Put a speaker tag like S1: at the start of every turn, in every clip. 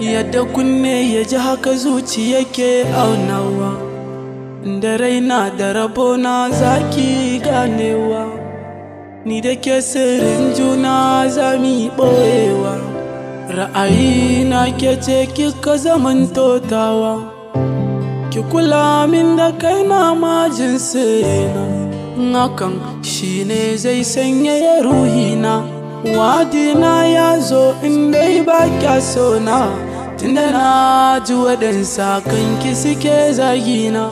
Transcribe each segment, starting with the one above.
S1: yadda kunne ya ji haka zuci yake aunawa da raina da rabona zaki ganewa ni da ke sirrin juna zami ɓoyewa ra'ayi na ke ce kika zaman totawa ki kula min da kai na majin sirena hakan shine zai sanya sanyaya ruhina wadina ya zo in dai ba kya na. tunda na ji waɗansa kanki suke zagina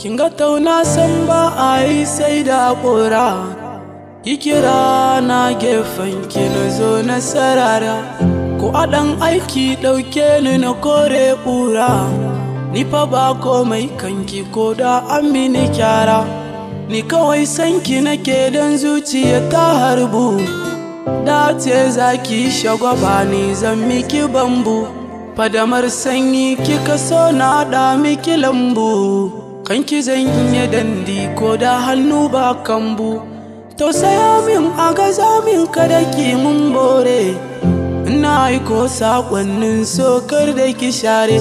S1: kin ga tauna san ba a yi sai da ƙora yi kira na gefen na zo na sarara ko a aiki ɗauke ni na kore ƙura ni fa ba komai kanki ko da an bi ni kyara ni kawai sanki nake don zuciya ta harbu dace zaki shagwaba ni zan miki bambu fadamar sanyi kika so na da miki lambu kanki zan iya dandi ko da hannu ba kambu tausaya min a gaza min kada ki mun bore ina aiko sakonnin sokar da ki share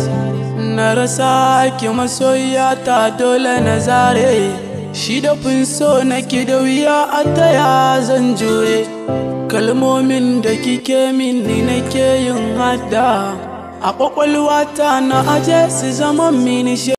S1: na rasa ki masoya ta dole na zare shi da fin so na ki da wuya a taya zan jure kalmomin da kike min ni nake yin hada a kwakwalwata na aje su zaman mini